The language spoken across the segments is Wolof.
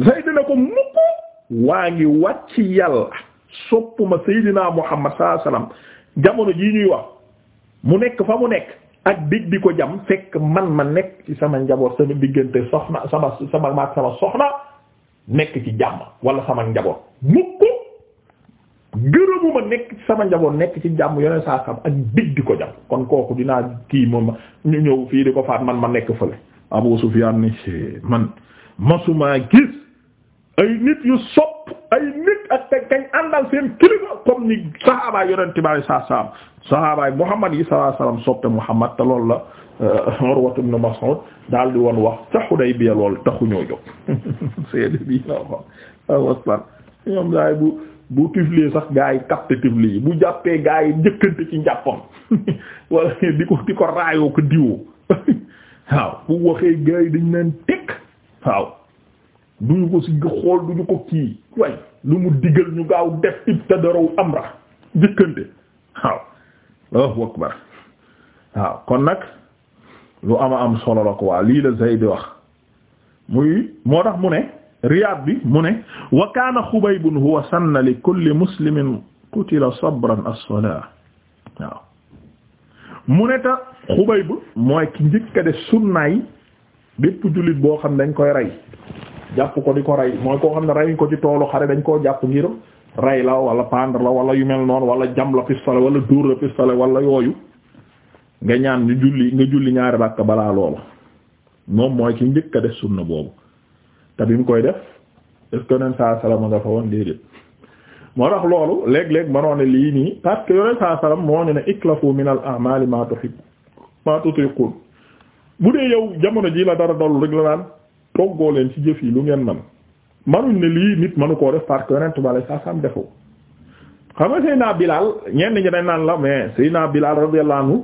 Seydina ko mukk waa ngi wàcc yàlla soppuma Seydina Muhammad sallallahu alayhi wasallam jamono jii ñuy wax mu nekk fa mu nekk ak dig di ko jam fekk man ma nekk ci sama njaboot sama diggante soxna sama sama sama soxna nekk ci jàmm wala sama njaboot mukk gërëmuma sama njaboot nekk ci jàmm yoneen saa sam ak dig di ko jam kon kooku dinaa kii moom ñu ñëw fii di ko faat man ma nekk fële Abu Sufyan ni man masuma gis ay nit yu sopp ay nit ak kañ àndal seen kilifa comme ni saxaabaay yonent bi saa saam saxaabaay Muhammad yi sallallahu alayhi wasallam soppe Muhammad te loolu la euh, Urwa ibn Mas'ud daal di woon wax ca Hudaybiya lool taxu ñoo jóg seede bi la wax waaw aslan ñoom gaay bu bu tiflee sax gaay yi capte tifli yi bu jàppee gaay yi njëkkante ci njàppam wala di ko di ko raayoo ko diwoo waaw bu waxee gaay yi dañ naan teg duñu ko si xool duñu ko kii way lu mu digal ñu gaaw def ibtadaraw amra jëkkante waaw Allahu akbar waaw kon nag lu ama am solo la ko waa lii la Zayd wax muy moo tax mu ne Riyad bi mu ne wa kaana Xubaybun huwa sanna li kulli muslimin qutila sabran as waaw mu ne ta Xubayb mooy ki njëkk sunnaay bépp jullit boo xam dañ koy rey jàpp ko di ko rey mooy koo xam ne reyuñ ko ci toolu xare dañ koo jàpp ngir rey la wala pendre la wala yu mel noonu wala jam la pistolet wala dóor la pistolet wala yooyu nga ñaan ñu julli nga julli ñaari ràkk balaa loolu moom mooy ki njëkk a def sunna boobu te bi mu koy def est-ce que yoneen saa salama nga fa woon déedéet moo tax loolu léeg-léeg ma ne lii nii parce que yoneen saa salam moo ñu ne iklafu min al a'mali ma tuhib ma tutiqun ji la dara dollu toggoo leen ci jëf yi lu ngeen man manuñ ne lii nit manu koo def parce que yonent bale saa saam defoo xam nga Seydina Bilal ñenn ñi dañ naan la mais Seydina Bilal radiyallahu anhu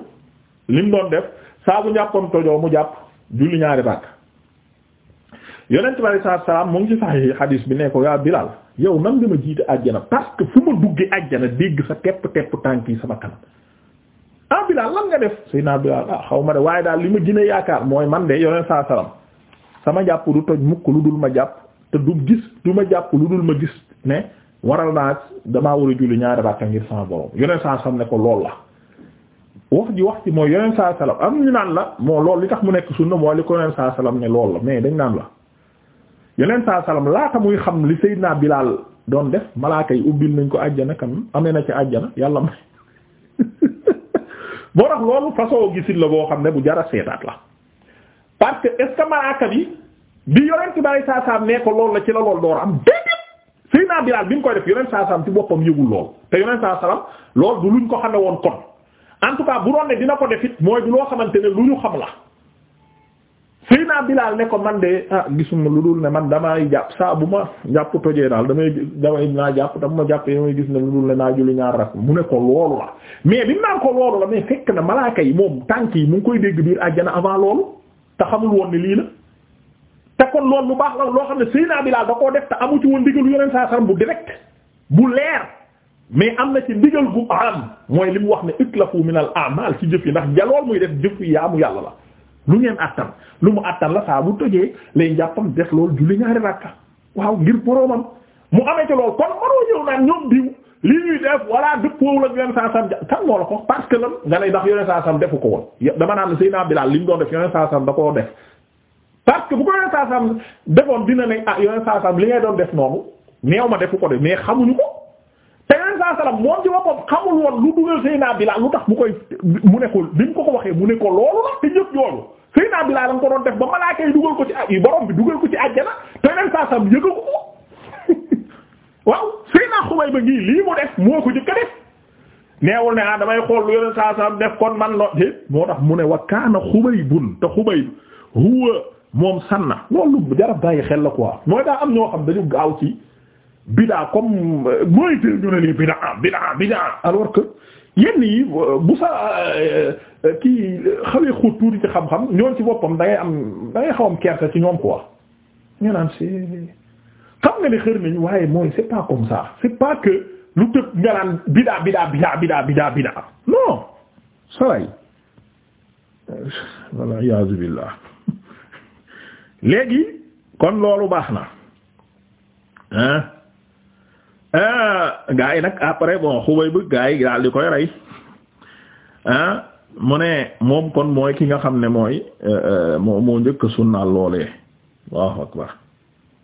lim doon def saa bu njàppoon tojoo mu jàpp julli ñaari bàkk yonent bale saa saam mu ngi sax yi xadiis bi ne ko yaa Bilal yow nan nga ma jiite àjjana parce que fu ma duggee àjjana dégg sa tepp tepp tànk yi sama kanam ah Bilal lan nga def Seydina Bilal ah xaw ma de waaye daal li ma yaakaar mooy man de yonent saa sama jàpp du toj mukk lu dul ma jàpp te du gis du ma jàpp lu dul ma gis ne waral naa damaa war a julli ñaari rakka ngir sama borom yoneen saa sam ne ko lool la wax ji wax ci mooy yoneen saa salam am ñu naan la moo lool li tax mu nekk sunna mooy li ko yoneen saa salam ne lool la mais dañ naan la yoneen saa salam laata muy xam li Seydina Bilaal doon def malaaka yi ubbil nañ ko àjjana kam amee na ci àjjana yàlla may boo tax loolu façon gisin boo xam ne bu jara la parce que est malaaka bi bi yonent bi saa saam nee ko loolu la ci la lool door am déedéet Seydina Bilaal bi mu koy def yonent saa saam ci boppam yëgul lool te yonent saa saam lool du luñ ko xame woon kon en tout bu doon ne dina ko def it mooy du loo xamante ne lu ñu xam la. Seydina Bilaal ne ko man de ah gisuma lu dul ne man damay jàpp saa bu ma jàpp tojee daal damay damay naa jàpp te bu ma jàppee damay gis ne lu dul ne naa julli ñaar mu ne la mais bi mu naan ko loolu la mais fekk na malaaka tànk yi mu ngi koy dégg biir àjjana avant loolu. te xamul woon ni lii la te kon loolu lu baax la loo xam ne bi laa ba koo def te amu ci woon ndigalu yoneen saa saram bu direct bu leer mais am na ci ndigal gu am mooy li mu wax ne iklafu min al a'mal ci jëf yi ndax jalool muy def jëf yi yaamu yàlla la lu ngeen attan lu mu attan la saa bu tojee lay njàppam def loolu julli ñaari rakka waaw ngir boroomam mu amee ci loolu kon mënoo ñëw naan ñoom diw lii ñuy def walla dëppoo la yeneen saa sam kan moo la ko parce que lan nga ne ndax yeneen saa sam defu ko woon dama naan Seydina Bilaal li mu doon def yeneen saa que bu ko defoon dina ne ah yeneen saa sam li ngay doon def noonu neew ma defu ko de mais xamuñu ko te yeneen saa sam moom ci boppam xamul woon lu dugal Seydina Bilaal lu tax mu koy mu nekkul ko bi mu ko ko waxee mu ne ko loolu la te ñëpp yoonu Seydina Bilaal lañ ko doon def ba malaaka yi dugal ko ci borom bi dugal ko ci àjjana te yeneen saa sam yëngu ko waaw. sëy xubay ba ngii lii mu def moo ko jëkka def neewul ne ah damay xool lu yoneen saa saam def kon man lo dé moo tax mu ne wa kaana xubay bun te xubay huwa moom sanna loolu jarab bàyyi xel la quoi mooy daa am ñoo xam dañu gaaw ci bidaa comme mooy tël ñu ne nii bidaa bidaa bidaa alors que yenn yi bu sa euh, euh, kii xawee xóot tuuti ci xam-xam ñoon ci boppam da am da ngay xaw am kersa ci ñoom quoi ñu naan si xam nga ne xër nañ waaye mooy c'est pas comme ça c'est pas que lu tëb nga naan bidaa bidaa bidaa bidaa bidaa bidaa non saway walla iyaazu billaah léegi kon loolu baax na hein gaa yi nag après bon xubay bëgg gaa yi daal di koy rey hein mu ne moom kon mooy ki nga xam ne mooy euh, euh, moo moo njëkk sunnaal loolee waaw akbar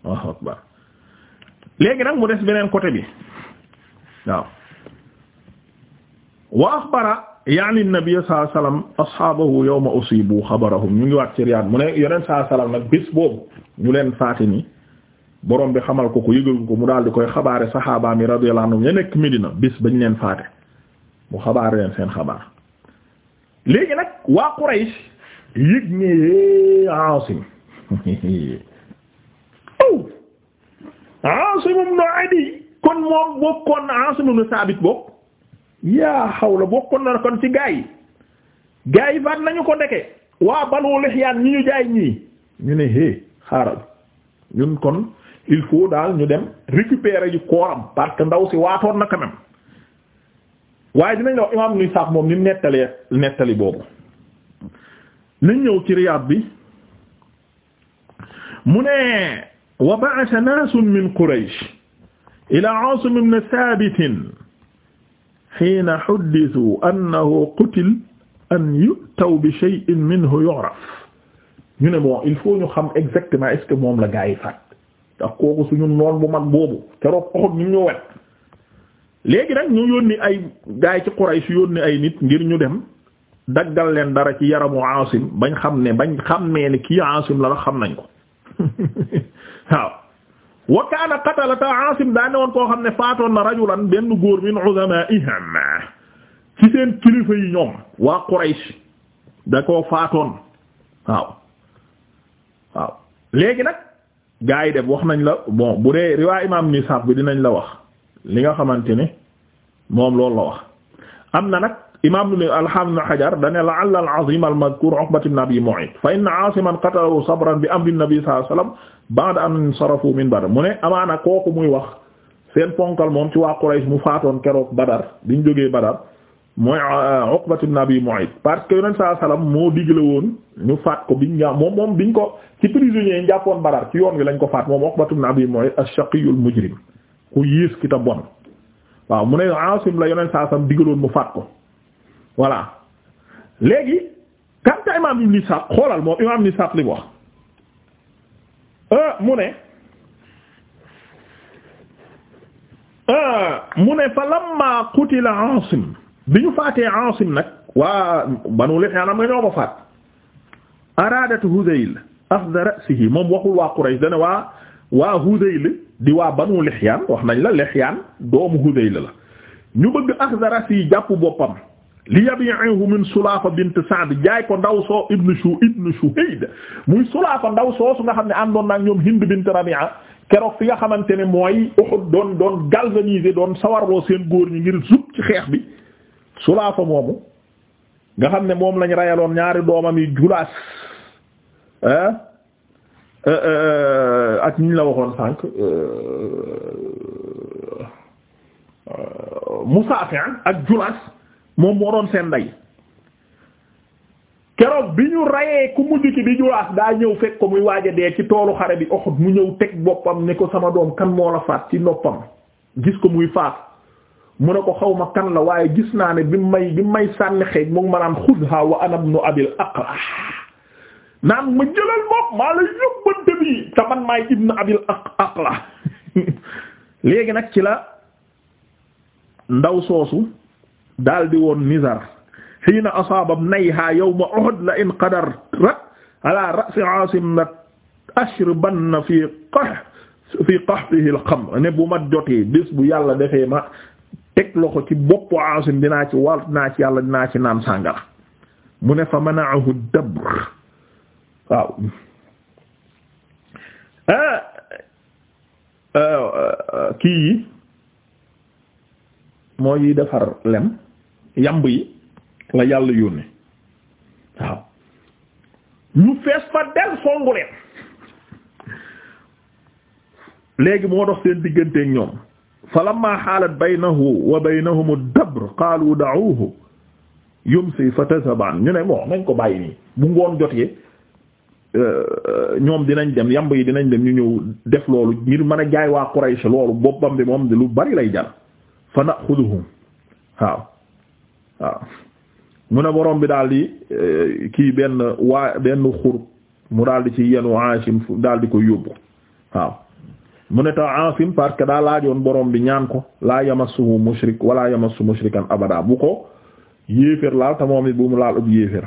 waaw akbar léegi nag mu des beneen côté bi waaw wa axbara yaani nabiya saa salaam ashaabahu yawma usibu xabarahum ñu ngi waat ci riyaad mu ne yeneen saa salaam nag bés boobu ñu leen faati ni boroom bi xamal ko ko yëgal ko mu daal di koy xabaare saxaaba mi radiyallahu anhum ya nekk Medina bés bañ leen faate mu xabaar leen seen xabaar léegi nag waa Quraysh yëg ne Aasim Aasim ibn Adi kon moom bokkoon na Aasim ibn Saabit bokk yaa hawla bokkoon na kon ci gaa yi gaa yi faat nañu ko ndeke waa Banu Lihyaan ñi ñu jaay ñii ñu ne hé xaaral ñun kon il faut daal ñu dem récupérer ji kooram parce ndaw si waatoon na quand même waaye dinañ la wax imaam nuy saaf moom ni nettalee nettali boobu nañ ñëw ci Riyaad bi mu ne wa ba'atha naasun min Quraysh ilaa Aasim ibn Thaabit hiina huddithuu annahu qutila an yu'taw bi shay'in minhu yu'raf ñu ne bon il faut ñu xam exactement moom la gaa yi faat ndax kooku suñu noon bu mag boobu keroog Uhud ñu ñu wet léegi nag ñu yónni ay gaa yi ci Quraysh yónni ay nit ngir ñu dem daggal leen dara ci yaramu Aasim bañ xam ne bañ xam ne ki Aasim la la xam nañ waaw wa kaana qatalata Aasim daa woon koo xam ne faatoon na rajulan benn góor min uzamaa'ihim ci seen kilifa yi ñoom waa Quraysh da koo faatoon waaw waaw léegi nag gaa yi dem wax nañ la bon bu dee riwaa imaam nisab bi dinañ la wax li nga xamante ni moom loolu la wax am na nag imam ibn al-Hafiz ibn Hajar dane la'alla al-azim al-madhkur Uqbat ibn Abi Mu'ayt fa inna Aasiman qatalahu sabran bi amri an-nabi sallallahu alayhi wa sallam ba'da an insarafu min Badr mu ne amaana kooku muy wax seen ponkal moom ci waa Quraysh mu faatoon keroog Badar biñ jógee Badar mooy uh, Uqbat ibn Abi Mu'ayt parce que Yonent sallallahu alayhi wa sallam moo digle woon ñu faat ko biñ ñaa moom moom biñ ko ci prisonnier yi jàppoon Badar ci yoon wi lañ ko faat moom Uqbat ibn Abi Mu'ayt ash-shaqiyyu al-mujrim ku yées ki ta bon waaw mu ne Aasim la Yonent sallallahu alayhi wa sallam digaloon mu faat ko voilà léegi kanta imam ibn Ishaq xoolal moom imam ibn li mu wax euh, mu ne euh, mu ne fa lamma qutila Asim bi ñu faatee Asim nag waa Banu Lihyan am nga ñoo ko faat aradat Hudayl axd ra'sihi moom waxul waa Quraysh dana waa waa Hudayl di waa Banu Lihyan wax nañ la Lihyan doomu Hudayl la ñu bëgg axd ra'sihi jàpp boppam li yabi'uhu min Sulaafa bint Sa'd jaay ko ndaw soo ibn Shu ibn Shuhayd muy Sulaafa ndaw soosu nga xam ne àndoon naag ñoom Hind bint Rabi'a keroog fi nga xamante ne mooy Uhud doon doon galvaniser doon sawarloo seen góor ñi ngir zub ci xeex bi Sulaafa moomu nga xam ne moom lañ rayaloon ñaari doomam yi Julaas euh, euh, euh, ak ñu la waxoon sànq Musaafi' ak Julaas moom moo doon seen ndey keroog bi ñu rayee ku mujj ki bi julaas daa ñëw fekk ko muy waaja dee ci toolu xare bi Uhud mu ñëw teg boppam ne ko sama doom kan moo la faat ci noppam gis ko muy faat mu ne ko xaw ma kan la waaye gis naa ne bi may bi may sànni xeej moom maa la yóbbante bi te man maay ibnu abil aqra léegi nag ci la ndaw soosu daal di woon nizar xiina asaaba nayha yawma uhud la in qadara ala ra'si aasim la ashribanna fi qah fi qahfihi al-xamr ne bu ma jotee bés bu yàlla defee ma teg loxo ci boppu aasim dinaa ci wal dinaa ci yàlla dinaa ci naan sàngara mu ne fa mana'ahu ad-dabr waaw ah, ah, ah, kii yi mooy yi defar lem yamb yi la yàlla yónni waaw ñu fees fa del songu leen léegi moo dox seen digganteek ñoom falamma xaalat baynahu wa baynahum ad-dabr qaalu da'uuhu yumsi fatasabaan ñu ne bon nañ ko bàyyi nii bu ngoon jotee euh, ñoom dinañ dem yamb yi dinañ dem ñu ñëw def loolu ngir mën a jaay waa Quraysh loolu boppam bi moom lu bari lay jar fa na'xuduhum waaw mu ne borom bi daal di eh, kii benn waa benn xur mu daal di ci yenu Aasim daal di ko yóbbu waaw mu ne taw Aasim parce que daa laajoon borom bi ñaan ko laa yamassuhu mushrik wala yamassu mushrikan abada bu ko yéefér laal te moom it bu mu laal ub yéefér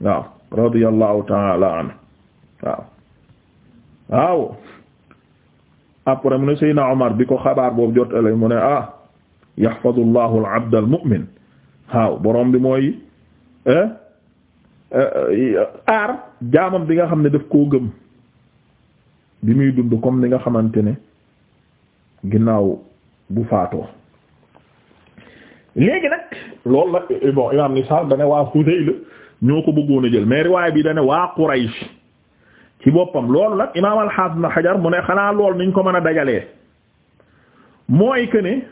waaw radiyallahu ta'ala anhu waaw bi ko xabaar boobu jotale mu ne ah yahfadullahu al-abd al waaw boroom bi mooy eh, eh, aar jaamam bi nga xam ne daf koo gëm bi muy dund comme ni nga xamante ne ginnaaw bu faatoo léegi nag loolu la eh, bon imam ni sal dane waa Hudayl ñoo ko bëggoon jël mais riwaay bi dane waa Quraysh ci boppam loolu nag imam al na Hajar mu ne xanaa lool niñ ko mën a dajalee mooy que ne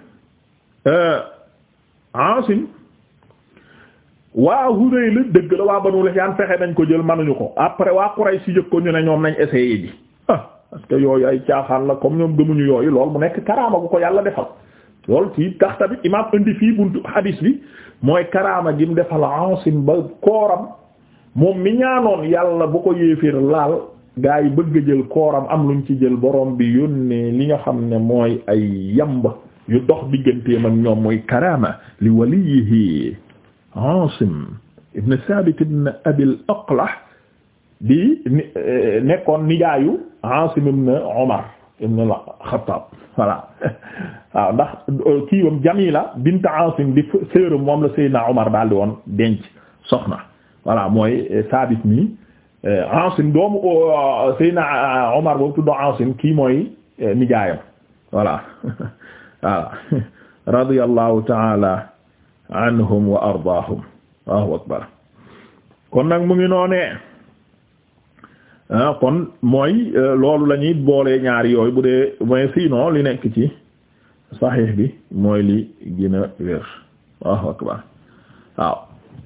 waa Hudayl dëgg la waa Banu Lihyan fexe nañ ko jël manuñu ko après waa Quraysh jëkk ko ñu ne ñoom nañ essayé ji ah parce que yooyu ay caaxaan la comme ñoom gëmuñu yooyu lool mu nekk karaama bu ko yàlla defal lool ci tax tamit imaam indi fii buntu hadis bi mooy karaama gi mu defal Asim ba kooram moom mi ñaanoon yàlla bu ko yéeféer laal gaa yi bëgg jël kooram am lu luñ ci jël boroom bi yónnee li nga xam ne mooy ay yamba yu dox digganteem ak ñoom mooy karaama Asim ibn Sabit ibn Abil Aqlah di eh, nekkoon nijaayu Asim ibn Omar ibn al-Khattab voilà waaw ndax euh, kiiwam Jamila bint Asim di sœuram moom la Seydina Omar daal di woon denc soxna voilà mooy eh, Sabit nii eh, Asim doomu euh, Seydina euh, Omar boobu tuddoo Asim kii mooy nijaayam voilà waaw radiyallahu ta'ala anhum wa ardaahum Allahu akbar kon nag mu ngi noonee ah, kon mooy eh, loolu lañuy ñuy boolee ñaari yooyu bu dee mais sinon li nekk ci saxiix bi mooy li gën a wér Allahu akbar waaw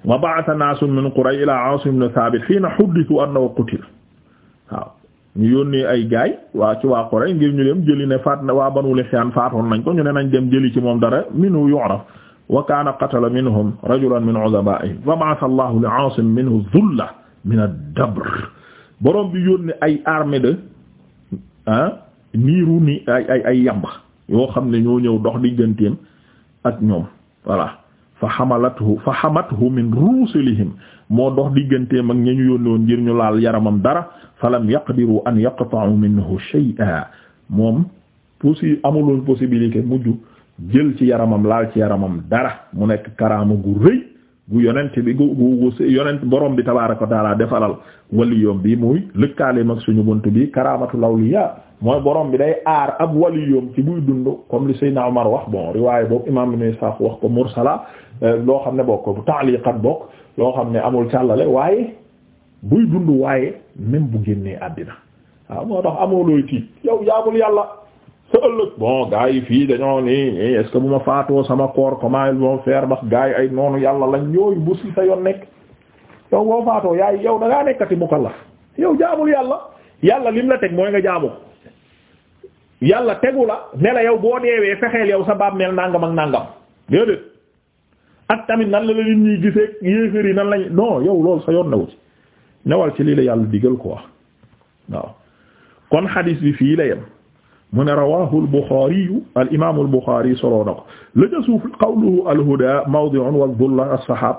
wa ba'atha naasun min Quray ila Aasim ibn Thaabit hiina huddithu annahu qutila waaw ñu yónnee ay gaay waa ci waa Quray ngir ñu dem jëli ne faat na waa Banu Lihyaan faatoon nañ ko ñu ne nañ dem jëli ci moom dara minu yu'raf wa kaana qatala minhum rajulan min uzabaa'ihim fa ba'atha Allahu li Aasim minhu dhulla min ad-dabr borom bi yónni ay armée de ah niiru ni ay ay ay yamba yoo xam ne ñoo ñëw dox digganteem ak ñoom voilà fa hamalathu fa hamathu min rusulihim moo dox digganteem ak ña ñu yónni woon ngir ñu laal yaramam dara falam yaqdiru an yaqta'u minhu shay'an moom possi amuloon possibilité mujj. jël ci yaramam laal ci yaramam dara mu nekk karaama gu rëy gu yonent bi gu gu gu yonent borom bi tabaaraka wa taala defalal wali yoom bi muy lëkkaale mag suñu bunt bi karaamatu lawliya mooy borom bi day aar ab wali yoom ci buy dund comme li Seydina Omar wax bon riwaaye boobu imaam Ibn Isaaq wax ko mursala euh, loo xam ne bokk bu ta'liqat bokk loo xam ne amul càllale waaye buy dund waaye même bu génnee àddina waaw moo tax amoo looy tiit yow yaabul yàlla sa ëllëg bon gars yi fii dañoo nii eh, est bu ma faatoo sama koor comment ils vont faire ndax gars yi ay noonu yàlla lañ yooyu bu si sa yoon nekk yow boo faatoo yaay yow da ngaa nekkati mukallaf yow jaamul yàlla yàlla lim la teg mooy nga jaamu yàlla tegu la ne la yow boo deewee fexeel yow sa baab mel nangam ak nangam déedéet ak tamit nan la la nit ñi gisee yéeféer yi nan lañ non yow loolu sa yoon ci newal ci lii la yàlla digal quoi waaw kon hadis bi fii la mu ne rawahu alboxariyu alimamu alboxari soloo na ko la ca suuf qawluhu alhuda mawdi'un wa dhulla as-sahab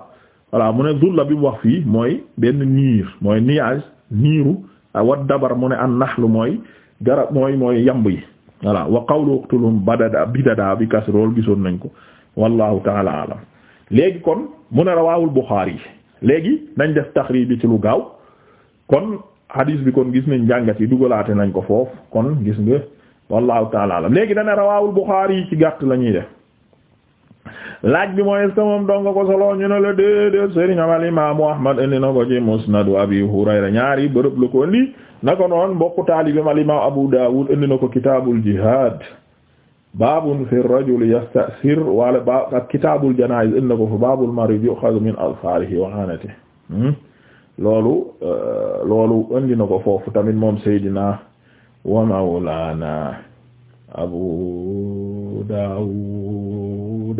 voilà mu ne dhulla bi mu wax fii mooy benn niir mooy niage niiru wa dabar mu ne an naxlu mooy garab mooy mooy yamb yi voilà wa qawluhu uqtuluhum badada bidada bi kas rool gisoon nañ ko wallahu taala alam léegi kon mu ne rawahu alboxari léegi nañ def taxrij bi ci lu gaaw kon hadis bi kon gis nañ jàngat yi dugalaate nañ ko foofu kon gis nga wallahu taala alam léegi dana rawaawul Buxaari yi ci gàtt la ñuy def laaj bi mooy est-ce moom donga ko solo ñu ne la déedéet sëriñ am al Ahmad indi ko ci musnadu Abi Hurayra ñaari bërëb la ko indi na ko noon mbokku taalibam al imaam Abu Daawud indi ko kitaabul jihaad baabun fi rajul yasta'sir wala baab ak kitaabul janaa'iz indi na ko fa baabul hmm? loolu euh, loolu indi na ko foofu tamit moom Seydina wa mawlaana abu daawud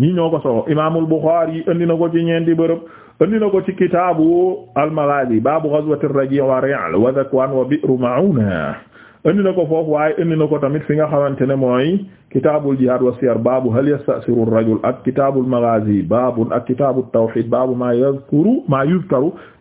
ñi ñoo ko solo imaamul buxaari ko ci ñeenti bërëb andi na ko ci kitaabu almaghazi baabu ghazwati wa ri'l wa dhakwaan wa bi'ru na ko foofu waaye andi na ko tamit fi nga xamante ne mooy kitaabul jihaad wa siyar baabu hal yasta'siru ar-rajul ak kitaabul maghazi baabun ak kitaabut tawhiid baabu maa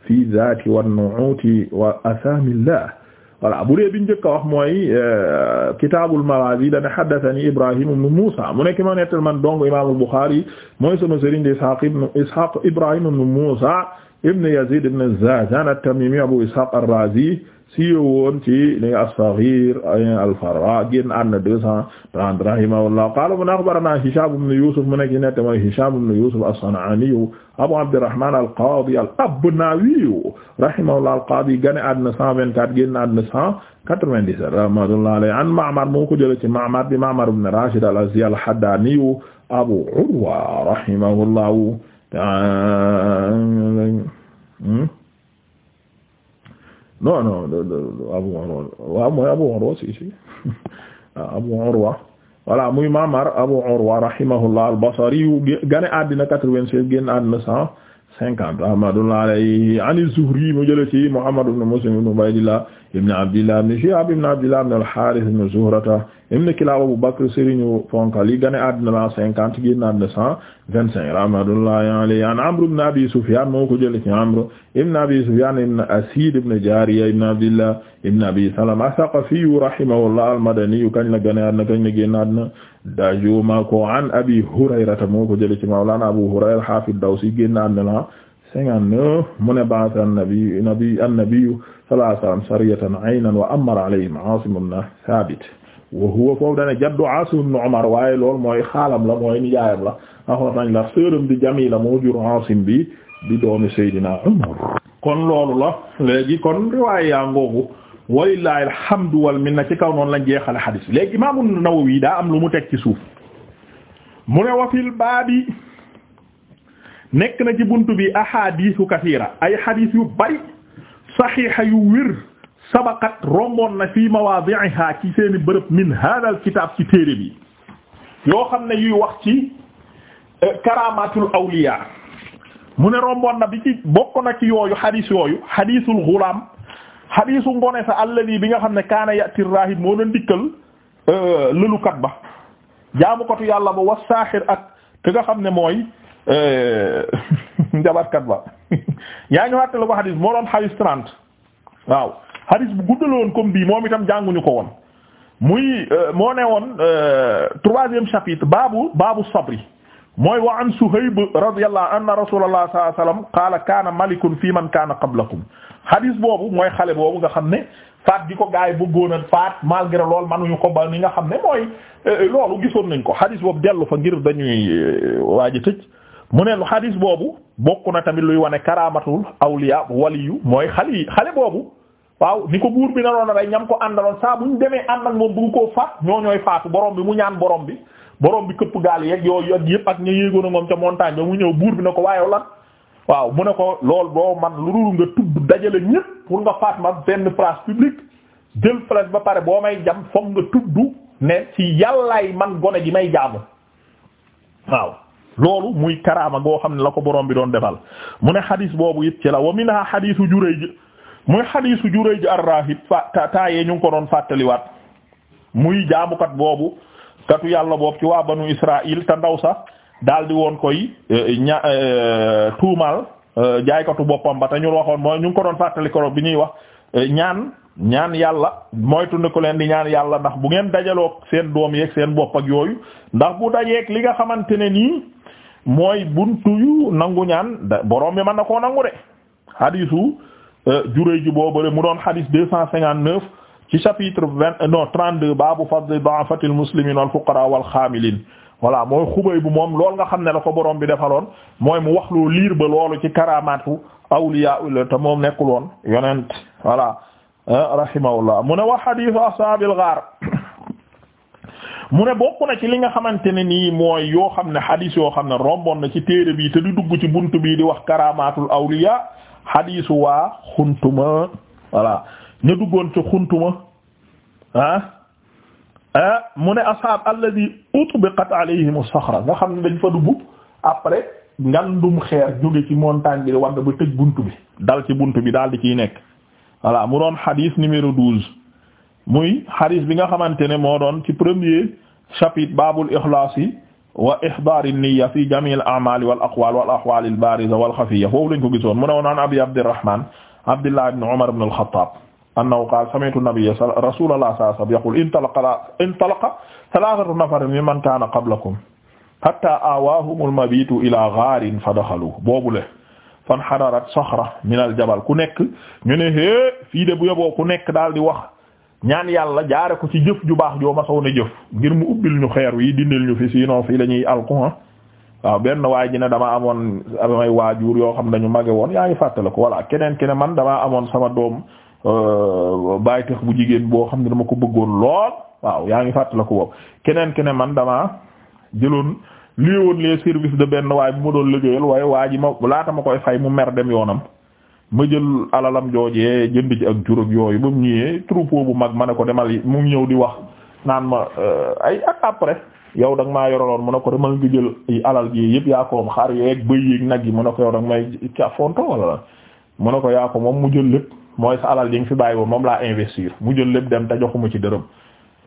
fi dhaati wan-nu'uuti wa asaamillah voilà bu dee biñ njëkk a wax mooy euh, kitaabul maghaazi dana haddathani Ibrahim ibn Muusa mu nekk ma nettal man dong imaamul Buxaari mooy sama sëriñ di Ishaaq ibn Ishaaq Ibrahim ibn Muusa ibn Yaziid ibn Zaazaan at-Tamiimi Abu Ishaaq ar-Raazi siiw woon ci li as-Saghir al-Farra génn àdduna deux cent trente rahimahullah qaala mu ne axbaranaa Hicham ibn Youssouf mu nekk ci nette mooy Hicham ibn Youssouf as-San'aaniyu Abu Abdirrahmaan al-Qaadi al-Abnaawiyu rahimahullah al-Qaadi génn àdduna cent vingt quatre génn àdduna cent quatre vingt dix sept rahmatullahi alayhi an Ma'mar moo ko jëlee ci Ma'mar di Ma'mar ibn Rashid al-Azdi al-Haddaaniyu Abu Urwa rahimahullahu ta'aala no non Abu Urwa waaw mooy ah, muy Ma'mar Abu Urwa rahimahullah al-Basri gane àddina quatre-vingt-seize génn àddina cent cinquante rahmatullah alayhi an az mu jële ci Muhammad ibn Muslim ibn Ubaydillah ibn abdillah ibn shihab ibn abdillah ibn al-harith ibn zuhrata ibn kilab abu bakr sëriñu fonkal yi gane àddina la cinquante génn àddina cent vingt-cinq rahmatullahi alayhi an amr ibn abi sufyan moo ko jële ci amr ibn abi sufyan ibn asid ibn jariya ibn abdillah ibn abi salama ath-thaqafi rahimahullah al-madani kañ la gane àddina kañ la génn àddina dajuma ko an abi hurayrata moo ko jële ci mawlana abu hurayra hafiz dawsi génn àddina la 59 mu ne ba'atha an-nabi nabi an-nabi sallallahu alayhi wa sallam sariyatan aynan wa amara alayhim Aasim ibn Thaabit wa huwa foofu dane jaddu waaye lool mooy xaalam la mooy nijaayam la axoot nañ la sëram di Jamila moo jur Aasim bi di doomi Seydina Umar kon loolu la léegi kon riwaaya yaa ngoogu walillahi alhamdu wal minna ci kaw noonu lañ jeexale xadiis bi léegi Imaam An-Nawawi daa am lu mu teg ci suuf mu ne wa nekk na ci buntu bi ahadisu kasiira ay hadith yu bari saxiixa yu wér sabaqat romboon na fi mawaadi'iha ci seeni bërëb min hadal kitaab ci téere bi yoo xam ne yuy wax ci eh, karamatul awliya mu ne romboon na bi ci bokk na ci yooyu hadith yooyu hadithul ghulam hadithu ngone sa alladi bi nga xam ne kaana ya'ti rahib moo doon dikkal eh, lëlukat ba jaamukatu yàlla ba wasaaxir ak ki nga xam ne mooy Euh, njabarkat ba yaa ngi waxtaanee ba xadis moo doon xadis trente waaw xadis bu guddal woon comme bii moom itam jànguñu ko woon muy euh, moo ne woon euh, troisième chapitre baabu baabu sabri mooy wa an Suhayb radiyallahu anna an sallallahu alayhi wasallam qaala kaana malikun fi man kaana qablakum xadis boobu mooy xale boobu nga xam ne faat gi ko gars yi bëggoon a faat malgré lool manuñu ko ba ni nga xam ne mooy loolu gisoon nañ ko xadis boobu dellu fa ngir dañuy waaj a mu ne xadis boobu bokk na tamit luy wane karaamatul awliya waliyu mooy xale yi xale boobu waaw ni ko buur bi naroon a rey ñam ko àndaloon saa bu ñu demee ànd ak moom bu ko ñoo ñooy faatu borom bi mu ñaan borom bi borom bi këpp gaal yeeg yooyu ak yëpp ak ña moom ca mu ñëw buur bi na ko waaye waaw mu ne ko lool doo man lu dul nga tudd dajale ñëpp pour nga faat ma benn place publique jël place ba pare boo may jam foog nga tudd ne ci yàllaay man gone ji may jaamu waaw. loolu muy karaama goo xam ne la ko borom bi doon defal mu ne xadis boobu it ci la wa minha xadisu Jurayj muy xadisu Jurayj ar-rahib fa taayee ñu ngi ko doon waat muy jaamukat boobu katu yàlla boobu ci waa banu Israil te ndaw sax daal di woon koy e, ña e, tuumal e, jaaykatu boppam ba te ñu waxoon mooy ñu ngi ko doon fàttali ko bi ñuy wax ñaan ñaan yàlla moytu ne ko leen di ñaan yàlla ndax bu ngeen dajaloo seen doom yeek seen bopp ak yooyu mooy buntu yu nangu ñaan da bi mën na nangu de hadisu euh, Jurayj ji boobale mu doon hadis deux cent cinquante-neuf ci chapitre vingt euh, non trente-deux baabu fadli du'afatil muslimin wal fuqara wal xaamilin voilà mooy xubay bu moom lool nga xam ne la ko borom bi defaloon mooy mu wax loo liir ba loolu ci karamatu awliya ula te moom nekkuloon yonent voilà euh, rahimahullah mu ne wax hadisu ashaabil ghaar mu ne bokk na ci li nga xamante ne nii mooy yoo xam ne xadiis yoo xam ne romboon na ci téere bii te du dugg ci bunt bii di wax karamaatul awliya xadiisu waa xuntuma voilà ñu duggoon ci xuntuma ah ah mu ne ashab alladhi utbiqat alayhimu saxra nga xam ne dañ fa dugg après ngandum xeer jóge ci montagne bi di nga ba tëj bunt bi dal ci bunt bi daal di ciy nekk voilà mu doon xadiis numéro douze muy xadiis bi nga xamante ne moo doon ci premier chapitre babul ixlaasi wa ihdaar an-niyya fi jamii al-a'maal wal aqwaal wal ahwaal al-baariza wal xafiyya foofu lañ ko gisoon mu ne woon an abi Abdirrahmaan Abdullah ibn Umar ibn al-Khattaab annahu qaala sami'tu nabiyya rasuulallaah sallallaahu alayhi wa sallam yaquulu intalaqa intalaqa salaasatu nafarin mimman kaana qablakum hattaa aawaahumul mabiitu ilaa gaarin fadaxaluuhu boobule fanhadarat saxra minal jabal ku nekk ñu ne hee fii de bu yóbboo ku nekk daal di wax. ñaan yàlla jaare ko ci jëf ju baax joo ma sow na jëf ngir mu ubbil ñu xeer yi dindil ñu fi sinon fii la ñuy alcoan ah. waaw benn waay ji ne damaa amoon samay waajur yoo xam dañu mage woon yaa ngi fàttale ko voilà keneen keneen man damaa amoon sama doom euh, bàyyi tax bu jigéen boo xam ne dama ko bëggoon lool waaw yaa ngi fàttale ko boobu keneen keneen man dama jëloon li woon les services de benn waay bu ma doon liggéeyal waaye waa ji ma laata ma koy fay mu mer dem yoonam ma jël alalam joojee jënd ci ak juróom yooyu ba mu ñëwee troupeau bu mag ma ne ko demal mu ñëw di wax naan ma euh, ay ak yow da nga maa yoraloon mu ne ko demal nga jël alal gi yëpp yaa ko moom xar yeeg bëy yeeg nag yi mu ne ko yow da nga may wala la mu ne ko yaa ko moom mu jël lépp mooy sa alal yi nga fi bàyyi woon moom laa investir mu jël lépp dem te joxuma ci dërëm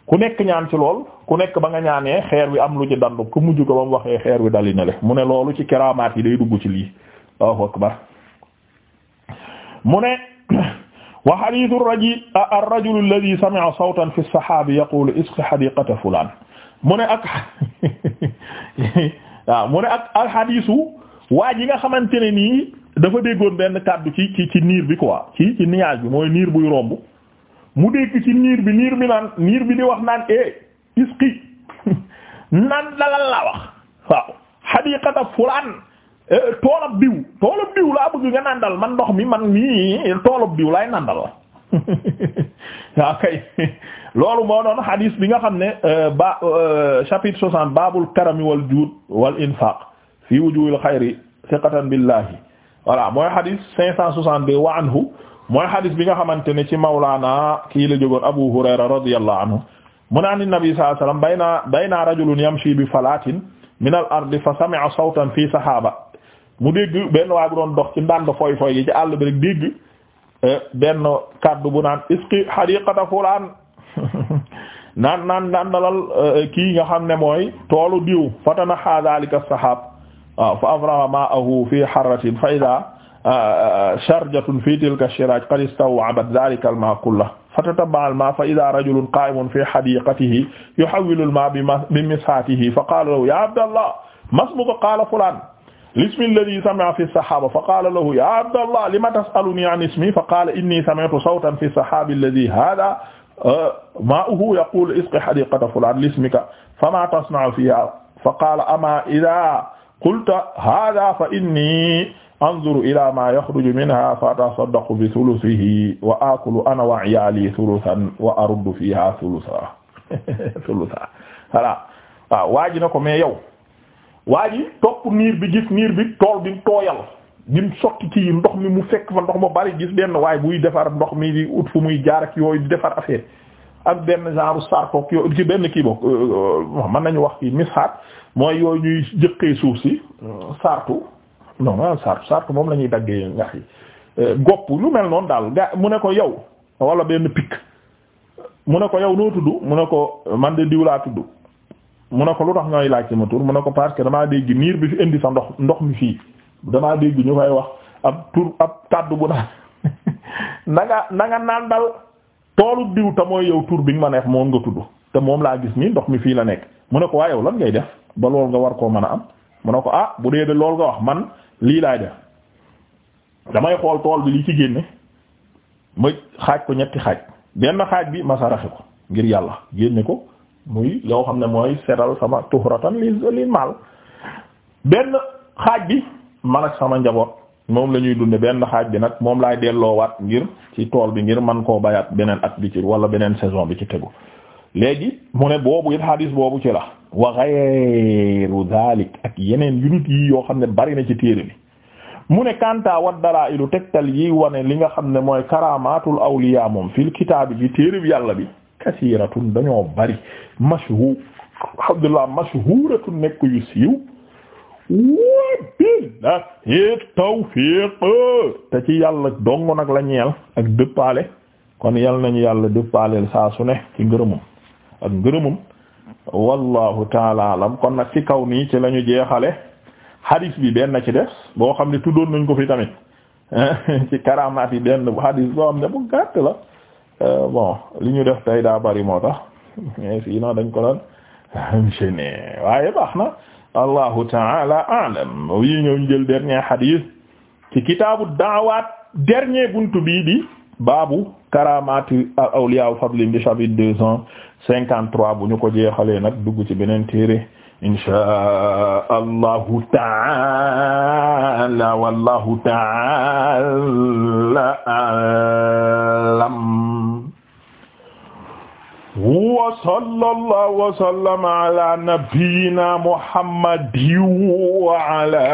ku nekk ñaan ci lool ku nekk ba nga ñaanee xeer wi am lu ci dandu ku mujj ko ba mu waxee xeer wi dali ne le mu ne loolu ci keraamaat yi day dugg ci lii Allahu akbar mu ne wa hadithu raji ar-rajul alladhi sami'a sawtan fi as-sahabi yaqulu isqi hadiqata fulan mu ak waaw mu ne nga xamante ne nii dafa déggoon benn kàddu ci ci ci niir bi quoi ci ci bi mooy niir buy romb mu niir bi niir bi naan niir bi di wax naan e isqi naan dalal la wax waaw hadiqata fulan Eh, toolab diw toolab diw laa bëgg nga nàndal man ndox mi man mi toolab diw laay nàndal la waaw kay loolu moo doon hadis bi nga xam ne eh, ba eh, chapitre soixante babul karami wal juud wal infaq fi wujuhil xayri siqatan billahi voilà mooy hadis cinq cent soixante-deux wa anhu mooy hadis bi nga xamante ne ci mawlaana kii la jógoon abu hurayra radiyallahu anhu mu ne an nabi sallallahu alayhi wasallam bayna bayna rajulun yamshi bi falatin min al ardi fa sami'a sawtan fi sahaba mu dégg benn waay bu doon dox ci ndànd foy foy yi ci àll bi rek dégg eh, benn kàddu bu naan isqi hadiqata fulaan naan naan naan dalal eh, kii nga xam ne mooy toolu diw fatana ha zalika sahab waaw ah, fa afraha ma'ahu fi harratin fa idha eh, sharjatun fi tilka shiraj qad istaw'abat zalika al-ma' kullahu fatataba al-ma' fa idha rajulun qa'imun fi hadiqatihi yuhawwilu al-ma' bi mishatihi fa qala lahu ya abdallah masmuka qala fulaan lismi alladi sami'a fi saxaaba fa qaala lahu yaa Abdallah lima tas'alunii an ismi fa qaala innii sami'tu sawtan fi saxaabi alladi haadaa uh, maa'uhu yaquulu isqi hadiiqata fulaan lismika famaa tasna'u fiihaa fa qaala amaa idaa qulta haadaa fa innii anzuru ilaa maa yaxruju minhaa fa atasaddaqu bi sulusihi wa aakulu ana wa ciyaalii sulusan wa aruddu fiihaa sulusan sulusan voilà waaw ah, waaj na ko mais yow. waa ji topp niir bi gis niir bi tool bi mu tooyal bi mu sotti ci ndox mi mu fekk fa ndox ma bari gis benn waaye buy defar ndox mi di ut fu muy jaar ak yooyu defar affaire ak benn genre sarkoog yo ci benn kii bokk euh, euh, mën nañu wax kii misaat mooy yooyu ñuy jëkkee suuf si euh, sartu non non sartu sartu moom la ñuy daggee nax yi gopp lu mel noon daal ga mu ne ko yow wala benn picc mu ne ko yow noo tudd mu ne ko man de diw laa tudd mu ne ko lu tax ngay laaj sama tur mu a ko parce que damaa dégg niir bi fi indi sa ndox ndox mi fii damaa dégg ñu koy wax ab tur ab kàddu bu naan na nga na nga diw te mooy yow tur bi nga ma neex moom nga tudd te moom laa gis nii ndox mi fii la nekk mu ne ko waa yow lan ngay def ba lool nga war koo mën a am mu a ko ah bu dee de lool nga wax man lii laay def damay xool tool bi li ci génne ma xaaj ko ñetti xaaj benn xaaj bi ma saraxe ko ngir yàlla génne ko. muy loo xam ne mooy seral sama tuhratan li li maal benn xaaj bi man ak sama njaboot moom la ñuy dunde benn xaaj bi nag moom laay delloowaat ngir ci tool bi ngir man koo bayaat beneen at bi ci wala beneen saison bi ci tegu léegi mu ne boobu it hadis boobu ci la wa ghayru dhalik ak yeneen yu nit yi yoo xam ne bari na ci téere bi mu ne kanta wa dalailu tegtal yi wane li nga xam ne mooy karamatul awliya moom fii kitaabi bi téere bi yàlla bi kasiiratun dañoo bari mashhu alhamdulillah mashhuratun nekk yu siiw waa billahi tawfiq te ci yàlla dong nag la ñeel ak dëppaale kon yal nañu yàlla dëppaaleel saa su ne ci ngërëmum ak ngërëmum wallahu taala kon nag ci kaw nii ci la jeexale hadis bi benn ci des boo xam ne tuddoon nañ ko fi tamit ci karamaat yi benn bu hadis boo xam ne bu gàtt la Euh, bon li ñu def tey daa bari moo tax mais sinon dañ ko doon enchaîné waaye baax na allahu taala alam yi ñëw jël dernier hadith ci kitaabu daawaat dernier buntu bii bi baabu karamati awliya fadlin bi chapitre deux cent cinquante trois bu ñu ko jeexalee nag dugg ci beneen téere insha allahu taala wallahu taala alam wa sallallahu wa sallama ala nabiyyina muhammadin wa ala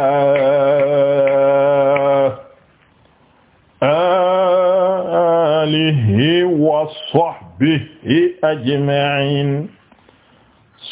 alihi wa sahbihi ajma'in